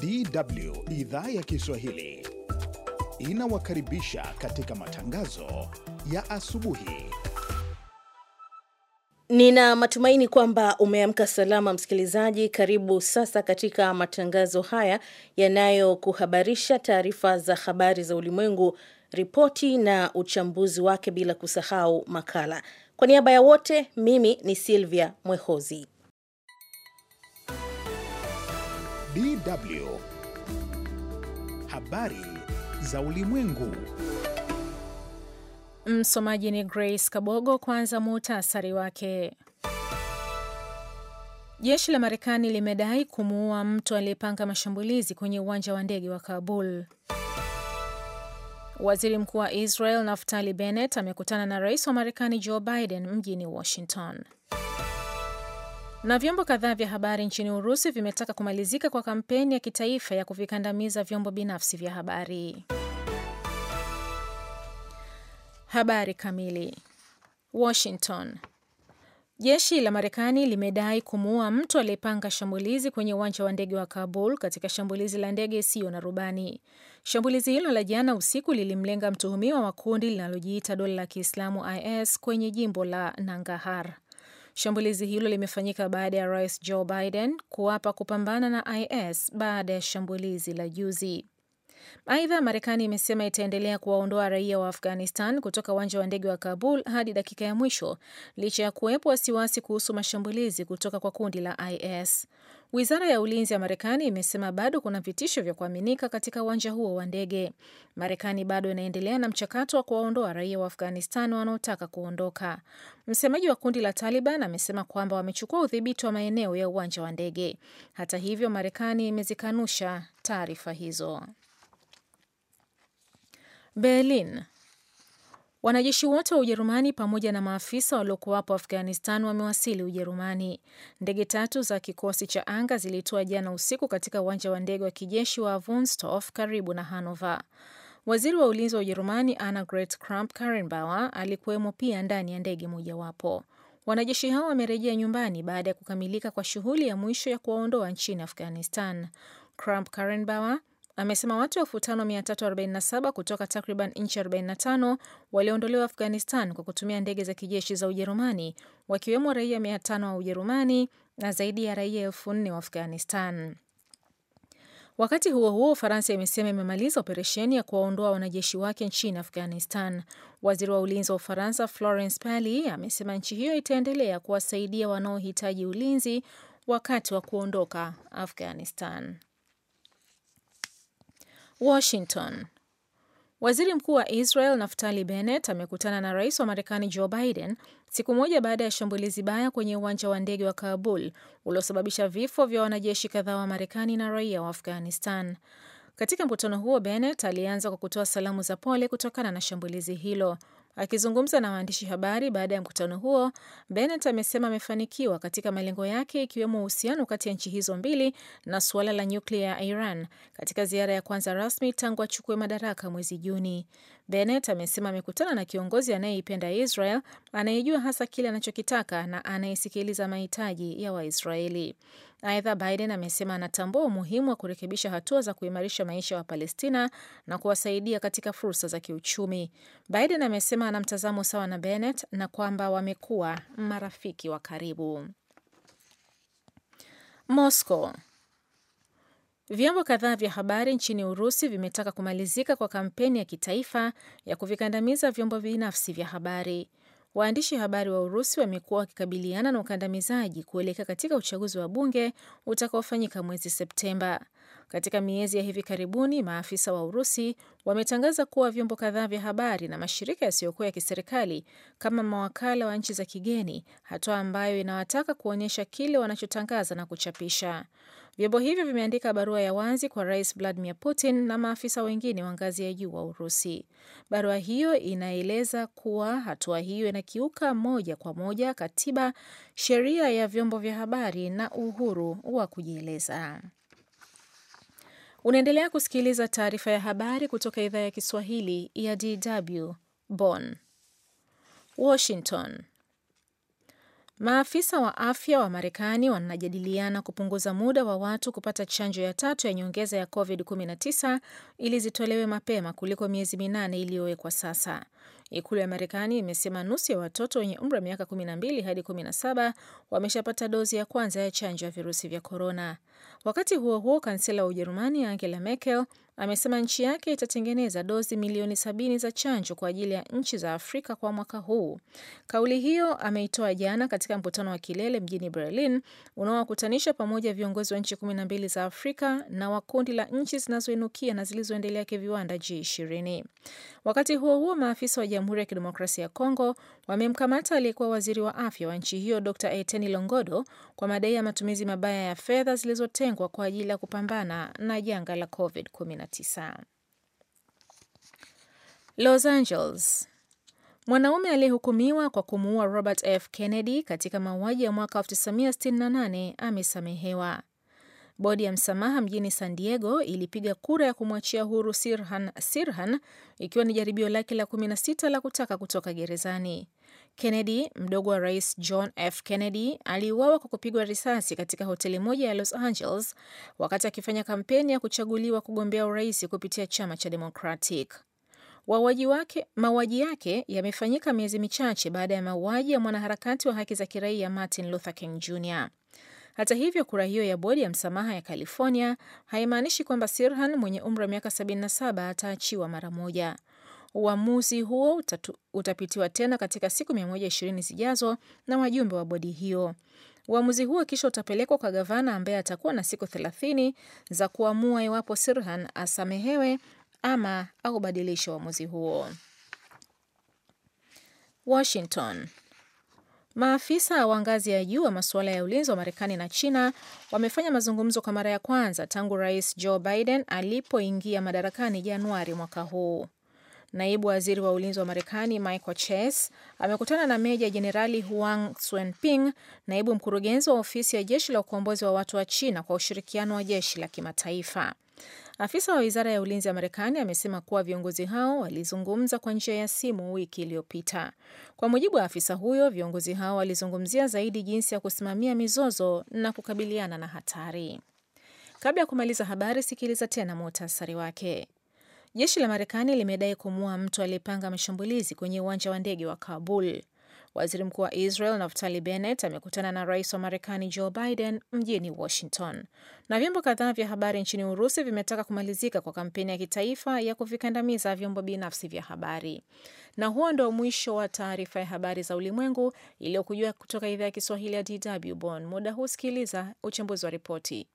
DW idhaa ya Kiswahili inawakaribisha katika matangazo ya asubuhi. Nina matumaini kwamba umeamka salama msikilizaji. Karibu sasa katika matangazo haya yanayokuhabarisha taarifa za habari za ulimwengu, ripoti na uchambuzi wake, bila kusahau makala. Kwa niaba ya wote, mimi ni Silvia Mwehozi. DW. Habari za Ulimwengu. Msomaji ni Grace Kabogo. Kwanza muhtasari wake. Jeshi la Marekani limedai kumuua mtu aliyepanga mashambulizi kwenye uwanja wa ndege wa Kabul. Waziri Mkuu wa Israel Naftali Bennett amekutana na Rais wa Marekani Joe Biden mjini Washington. Na vyombo kadhaa vya habari nchini Urusi vimetaka kumalizika kwa kampeni ya kitaifa ya kuvikandamiza vyombo binafsi vya habari. Habari kamili. Washington. Jeshi la Marekani limedai kumuua mtu aliyepanga shambulizi kwenye uwanja wa ndege wa Kabul katika shambulizi la ndege isiyo na rubani. Shambulizi hilo la jana usiku lilimlenga mtuhumiwa wa kundi linalojiita dola la Kiislamu IS kwenye jimbo la Nangahar. Shambulizi hilo limefanyika baada ya rais Joe Biden kuapa kupambana na IS baada ya shambulizi la juzi. Aidha, Marekani imesema itaendelea kuwaondoa raia wa Afghanistan kutoka uwanja wa ndege wa Kabul hadi dakika ya mwisho licha ya kuwepo wasiwasi kuhusu mashambulizi kutoka kwa kundi la IS. Wizara ya ulinzi ya Marekani imesema bado kuna vitisho vya kuaminika katika uwanja huo wa ndege. Marekani bado inaendelea na mchakato wa kuwaondoa raia wa Afghanistan wanaotaka kuondoka. Msemaji wa kundi la Taliban amesema kwamba wamechukua udhibiti wa maeneo ya uwanja wa ndege. Hata hivyo, Marekani imezikanusha taarifa hizo. Berlin Wanajeshi wote wa Ujerumani pamoja na maafisa waliokuwapo Afghanistan wamewasili Ujerumani. Ndege tatu za kikosi cha anga zilitoa jana usiku katika uwanja wa ndege wa kijeshi wa Vunstorf karibu na Hanover. Waziri wa ulinzi wa Ujerumani Annegret Kramp Karrenbauer alikuwemo pia ndani ya ndege mojawapo. Wanajeshi hao wamerejea nyumbani baada ya kukamilika kwa shughuli ya mwisho ya kuwaondoa nchini Afghanistan. Kramp Karrenbauer amesema watu elfu tano mia tatu arobaini na saba kutoka takriban nchi 45 waliondolewa Afghanistan kwa kutumia ndege za kijeshi za Ujerumani, wakiwemo raia mia tano wa Ujerumani na zaidi ya raia elfu nne wa Afghanistan. Wakati huo huo, Ufaransa imesema imemaliza operesheni ya kuwaondoa wanajeshi wake nchini Afghanistan. Waziri wa ulinzi wa Ufaransa Florence Pali amesema nchi hiyo itaendelea kuwasaidia wanaohitaji ulinzi wakati wa kuondoka Afghanistan. Washington. Waziri Mkuu wa Israel Naftali Bennett amekutana na Rais wa Marekani Joe Biden siku moja baada ya shambulizi baya kwenye uwanja wa ndege wa Kabul uliosababisha vifo vya wanajeshi kadhaa wa Marekani na raia wa Afghanistan. Katika mkutano huo, Bennett alianza kwa kutoa salamu za pole kutokana na shambulizi hilo. Akizungumza na waandishi habari baada ya mkutano huo, Bennett amesema amefanikiwa katika malengo yake ikiwemo uhusiano kati ya nchi hizo mbili na suala la nyuklia ya Iran katika ziara ya kwanza rasmi tangu achukue madaraka mwezi Juni. Bennett amesema amekutana na kiongozi anayeipenda Israel, anayejua hasa kile anachokitaka na anayesikiliza mahitaji ya Waisraeli. Aidha, Biden amesema anatambua umuhimu wa kurekebisha hatua za kuimarisha maisha ya Wapalestina na kuwasaidia katika fursa za kiuchumi. Biden amesema ana mtazamo sawa na Bennett na kwamba wamekuwa marafiki wa karibu. Moscow Vyombo kadhaa vya habari nchini Urusi vimetaka kumalizika kwa kampeni ya kitaifa ya kuvikandamiza vyombo binafsi vya habari. Waandishi habari wa Urusi wamekuwa wakikabiliana na ukandamizaji kuelekea katika uchaguzi wa bunge utakaofanyika mwezi Septemba. Katika miezi ya hivi karibuni, maafisa wa Urusi wametangaza kuwa vyombo kadhaa vya habari na mashirika yasiyokuwa ya kiserikali kama mawakala wa nchi za kigeni, hatua ambayo inawataka kuonyesha kile wanachotangaza na kuchapisha. Vyombo hivyo vimeandika barua ya wazi kwa Rais Vladimir Putin na maafisa wengine wa ngazi ya juu wa Urusi. Barua hiyo inaeleza kuwa hatua hiyo inakiuka moja kwa moja katiba, sheria ya vyombo vya habari na uhuru wa kujieleza. Unaendelea kusikiliza taarifa ya habari kutoka idhaa ya Kiswahili ya DW Bonn. Washington, maafisa wa afya wa Marekani wanajadiliana kupunguza muda wa watu kupata chanjo ya tatu ya nyongeza ya COVID-19 ili zitolewe mapema kuliko miezi minane iliyowekwa sasa. Ikulu ya Marekani imesema nusu ya watoto wenye umri wa miaka 12 hadi 17 wameshapata dozi ya kwanza ya chanjo ya virusi vya korona. Wakati huo huo, kansela wa Ujerumani Angela Merkel amesema nchi yake itatengeneza dozi milioni sabini za chanjo kwa ajili ya nchi za Afrika kwa mwaka huu. Kauli hiyo ameitoa jana katika mkutano wa kilele mjini Berlin unaowakutanisha pamoja viongozi wa nchi kumi na mbili za Afrika na wa kundi la nchi zinazoinukia na zilizoendelea kiviwanda G20. Wakati huo huo, maafisa rais wa Jamhuri ya Kidemokrasia ya Kongo wamemkamata aliyekuwa waziri wa afya wa nchi hiyo Dr Eteni Longodo kwa madai ya matumizi mabaya ya fedha zilizotengwa kwa ajili ya kupambana na janga la COVID-19. Los Angeles Mwanaume aliyehukumiwa kwa kumuua Robert F Kennedy katika mauaji ya mwaka 1968 amesamehewa. Bodi ya msamaha mjini San Diego ilipiga kura ya kumwachia huru Sirhan Sirhan ikiwa ni jaribio lake la 16 la kutaka kutoka gerezani. Kennedy, mdogo wa Rais John F. Kennedy, aliuawa kwa kupigwa risasi katika hoteli moja ya Los Angeles wakati akifanya kampeni ya kuchaguliwa kugombea urais kupitia chama cha Democratic. Wauaji wake, mauaji yake yamefanyika miezi michache baada ya mauaji ya mwanaharakati wa haki za kiraia Martin Luther King Jr. Hata hivyo, kura hiyo ya bodi ya msamaha ya California haimaanishi kwamba Sirhan mwenye umri wa miaka 77 ataachiwa mara moja. Uamuzi huo utatu, utapitiwa tena katika siku 120 zijazo na wajumbe wa bodi hiyo. Uamuzi huo kisha utapelekwa kwa gavana ambaye atakuwa na siku 30 za kuamua iwapo Sirhan asamehewe ama aubadilishe uamuzi huo. Washington. Maafisa wa ngazi ya juu wa masuala ya ulinzi wa Marekani na China wamefanya mazungumzo kwa mara ya kwanza tangu Rais Joe Biden alipoingia madarakani Januari mwaka huu. Naibu waziri wa ulinzi wa Marekani Michael Chase amekutana na Meja Jenerali Huang Swenping, naibu mkurugenzi wa ofisi ya jeshi la ukombozi wa watu wa China kwa ushirikiano wa jeshi la kimataifa. Afisa wa wizara ya ulinzi ya Marekani amesema kuwa viongozi hao walizungumza kwa njia ya simu wiki iliyopita. Kwa mujibu wa afisa huyo, viongozi hao walizungumzia zaidi jinsi ya kusimamia mizozo na kukabiliana na hatari. Kabla ya kumaliza habari, sikiliza tena muhtasari wake. Jeshi la Marekani limedai kumua mtu aliyepanga mashambulizi kwenye uwanja wa ndege wa Kabul. Waziri mkuu wa Israel Naftali Bennett amekutana na rais wa Marekani Joe Biden mjini Washington, na vyombo kadhaa vya habari nchini Urusi vimetaka kumalizika kwa kampeni ya kitaifa ya kuvikandamiza vyombo binafsi vya habari. Na huo ndo mwisho wa taarifa ya habari za ulimwengu iliyokujua kutoka idhaa ya Kiswahili ya DW Bonn. Muda huu sikiliza uchambuzi wa ripoti.